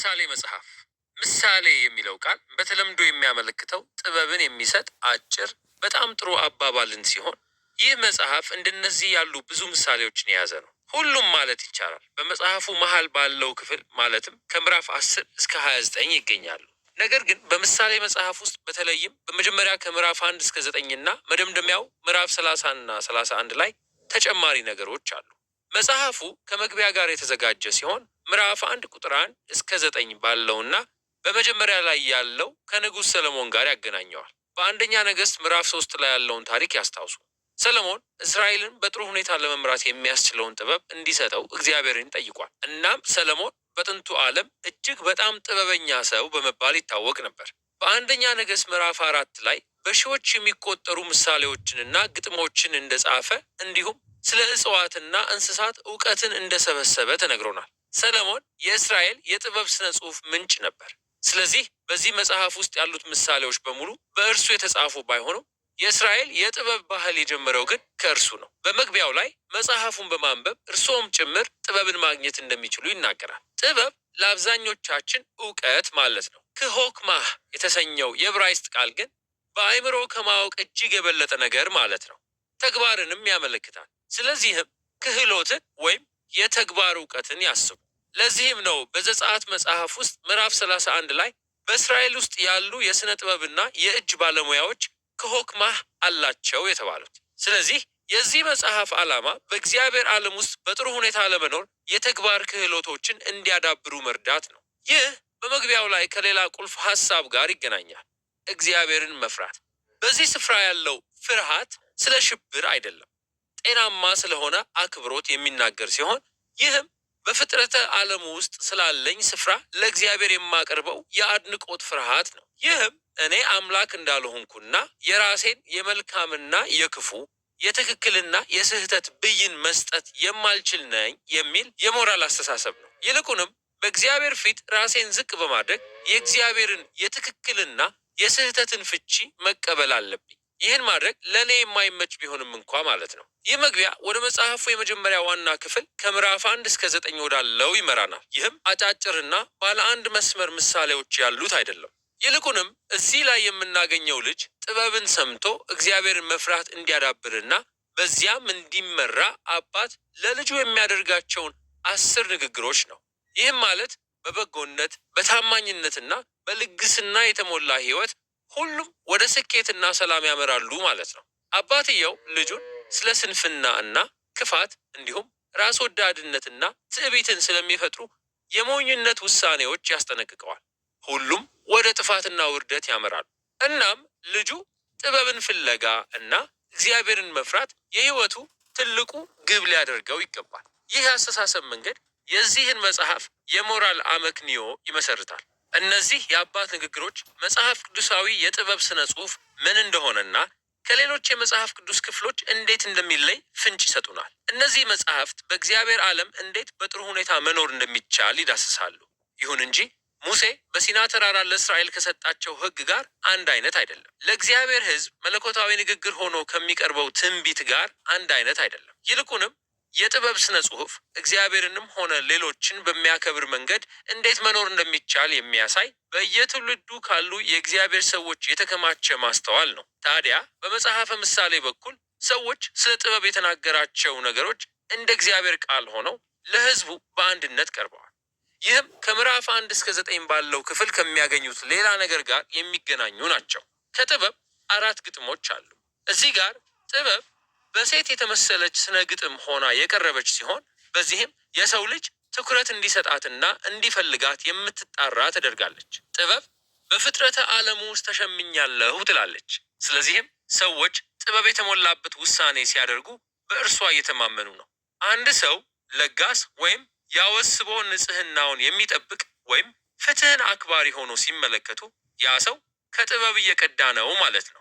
ምሳሌ መጽሐፍ ምሳሌ የሚለው ቃል በተለምዶ የሚያመለክተው ጥበብን የሚሰጥ አጭር በጣም ጥሩ አባባልን ሲሆን ይህ መጽሐፍ እንደነዚህ ያሉ ብዙ ምሳሌዎችን የያዘ ነው። ሁሉም ማለት ይቻላል በመጽሐፉ መሀል ባለው ክፍል ማለትም ከምዕራፍ 10 እስከ 29 ይገኛሉ። ነገር ግን በምሳሌ መጽሐፍ ውስጥ በተለይም በመጀመሪያ ከምዕራፍ 1 እስከ 9 እና መደምደሚያው ምዕራፍ 30 እና 31 ላይ ተጨማሪ ነገሮች አሉ። መጽሐፉ ከመግቢያ ጋር የተዘጋጀ ሲሆን ምዕራፍ አንድ ቁጥር አንድ እስከ ዘጠኝ ባለውና በመጀመሪያ ላይ ያለው ከንጉሥ ሰለሞን ጋር ያገናኘዋል። በአንደኛ ነገሥት ምዕራፍ ሶስት ላይ ያለውን ታሪክ ያስታውሱ። ሰለሞን እስራኤልን በጥሩ ሁኔታ ለመምራት የሚያስችለውን ጥበብ እንዲሰጠው እግዚአብሔርን ጠይቋል። እናም ሰለሞን በጥንቱ ዓለም እጅግ በጣም ጥበበኛ ሰው በመባል ይታወቅ ነበር። በአንደኛ ነገሥት ምዕራፍ አራት ላይ በሺዎች የሚቆጠሩ ምሳሌዎችንና ግጥሞችን እንደጻፈ እንዲሁም ስለ እጽዋትና እንስሳት እውቀትን እንደሰበሰበ ተነግሮናል። ሰለሞን የእስራኤል የጥበብ ስነ ጽሑፍ ምንጭ ነበር። ስለዚህ በዚህ መጽሐፍ ውስጥ ያሉት ምሳሌዎች በሙሉ በእርሱ የተጻፉ ባይሆኑም የእስራኤል የጥበብ ባህል የጀመረው ግን ከእርሱ ነው። በመግቢያው ላይ መጽሐፉን በማንበብ እርስዎም ጭምር ጥበብን ማግኘት እንደሚችሉ ይናገራል። ጥበብ ለአብዛኞቻችን እውቀት ማለት ነው። ክሆክማህ የተሰኘው የዕብራይስጥ ቃል ግን በአእምሮ ከማወቅ እጅግ የበለጠ ነገር ማለት ነው። ተግባርንም ያመለክታል። ስለዚህም ክህሎትን ወይም የተግባር እውቀትን ያስቡ። ለዚህም ነው በዘጸአት መጽሐፍ ውስጥ ምዕራፍ 31 ላይ በእስራኤል ውስጥ ያሉ የሥነ ጥበብና የእጅ ባለሙያዎች ከሆክማህ አላቸው የተባሉት። ስለዚህ የዚህ መጽሐፍ ዓላማ በእግዚአብሔር ዓለም ውስጥ በጥሩ ሁኔታ ለመኖር የተግባር ክህሎቶችን እንዲያዳብሩ መርዳት ነው። ይህ በመግቢያው ላይ ከሌላ ቁልፍ ሐሳብ ጋር ይገናኛል፣ እግዚአብሔርን መፍራት። በዚህ ስፍራ ያለው ፍርሃት ስለ ሽብር አይደለም። ጤናማ ስለሆነ አክብሮት የሚናገር ሲሆን ይህም በፍጥረተ ዓለም ውስጥ ስላለኝ ስፍራ ለእግዚአብሔር የማቀርበው የአድንቆት ፍርሃት ነው። ይህም እኔ አምላክ እንዳልሆንኩና የራሴን የመልካምና የክፉ የትክክልና የስህተት ብይን መስጠት የማልችል ነኝ የሚል የሞራል አስተሳሰብ ነው። ይልቁንም በእግዚአብሔር ፊት ራሴን ዝቅ በማድረግ የእግዚአብሔርን የትክክልና የስህተትን ፍቺ መቀበል አለብኝ። ይህን ማድረግ ለእኔ የማይመች ቢሆንም እንኳ ማለት ነው። ይህ መግቢያ ወደ መጽሐፉ የመጀመሪያ ዋና ክፍል ከምዕራፍ አንድ እስከ ዘጠኝ ወዳለው ይመራናል። ይህም አጫጭርና ባለ አንድ መስመር ምሳሌዎች ያሉት አይደለም። ይልቁንም እዚህ ላይ የምናገኘው ልጅ ጥበብን ሰምቶ እግዚአብሔርን መፍራት እንዲያዳብርና በዚያም እንዲመራ አባት ለልጁ የሚያደርጋቸውን አስር ንግግሮች ነው። ይህም ማለት በበጎነት በታማኝነትና በልግስና የተሞላ ሕይወት ሁሉም ወደ ስኬትና ሰላም ያመራሉ ማለት ነው። አባትየው ልጁን ስለ ስንፍና እና ክፋት እንዲሁም ራስ ወዳድነትና ትዕቢትን ስለሚፈጥሩ የሞኝነት ውሳኔዎች ያስጠነቅቀዋል። ሁሉም ወደ ጥፋትና ውርደት ያመራሉ። እናም ልጁ ጥበብን ፍለጋ እና እግዚአብሔርን መፍራት የሕይወቱ ትልቁ ግብ ሊያደርገው ይገባል። ይህ አስተሳሰብ መንገድ የዚህን መጽሐፍ የሞራል አመክንዮ ይመሰርታል። እነዚህ የአባት ንግግሮች መጽሐፍ ቅዱሳዊ የጥበብ ስነ ጽሑፍ ምን እንደሆነና ከሌሎች የመጽሐፍ ቅዱስ ክፍሎች እንዴት እንደሚለይ ፍንጭ ይሰጡናል። እነዚህ መጽሐፍት በእግዚአብሔር ዓለም እንዴት በጥሩ ሁኔታ መኖር እንደሚቻል ይዳስሳሉ። ይሁን እንጂ ሙሴ በሲና ተራራ ለእስራኤል ከሰጣቸው ሕግ ጋር አንድ አይነት አይደለም። ለእግዚአብሔር ሕዝብ መለኮታዊ ንግግር ሆኖ ከሚቀርበው ትንቢት ጋር አንድ አይነት አይደለም። ይልቁንም የጥበብ ስነ ጽሁፍ እግዚአብሔርንም ሆነ ሌሎችን በሚያከብር መንገድ እንዴት መኖር እንደሚቻል የሚያሳይ በየትውልዱ ካሉ የእግዚአብሔር ሰዎች የተከማቸ ማስተዋል ነው። ታዲያ በመጽሐፈ ምሳሌ በኩል ሰዎች ስለ ጥበብ የተናገራቸው ነገሮች እንደ እግዚአብሔር ቃል ሆነው ለሕዝቡ በአንድነት ቀርበዋል። ይህም ከምዕራፍ አንድ እስከ ዘጠኝ ባለው ክፍል ከሚያገኙት ሌላ ነገር ጋር የሚገናኙ ናቸው። ከጥበብ አራት ግጥሞች አሉ። እዚህ ጋር ጥበብ በሴት የተመሰለች ስነ ግጥም ሆና የቀረበች ሲሆን በዚህም የሰው ልጅ ትኩረት እንዲሰጣትና እንዲፈልጋት የምትጣራ ተደርጋለች። ጥበብ በፍጥረተ ዓለሙ ውስጥ ተሸምኛለሁ ትላለች። ስለዚህም ሰዎች ጥበብ የተሞላበት ውሳኔ ሲያደርጉ በእርሷ እየተማመኑ ነው። አንድ ሰው ለጋስ ወይም ያወስቦ ንጽህናውን የሚጠብቅ ወይም ፍትህን አክባሪ ሆኖ ሲመለከቱ ያ ሰው ከጥበብ እየቀዳ ነው ማለት ነው።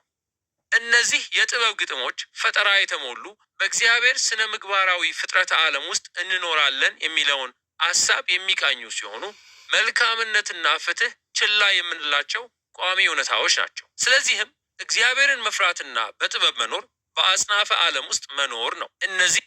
እነዚህ የጥበብ ግጥሞች ፈጠራ የተሞሉ በእግዚአብሔር ስነ ምግባራዊ ፍጥረተ ዓለም ውስጥ እንኖራለን የሚለውን አሳብ የሚቃኙ ሲሆኑ መልካምነትና ፍትህ ችላ የምንላቸው ቋሚ እውነታዎች ናቸው። ስለዚህም እግዚአብሔርን መፍራትና በጥበብ መኖር በአጽናፈ ዓለም ውስጥ መኖር ነው። እነዚህ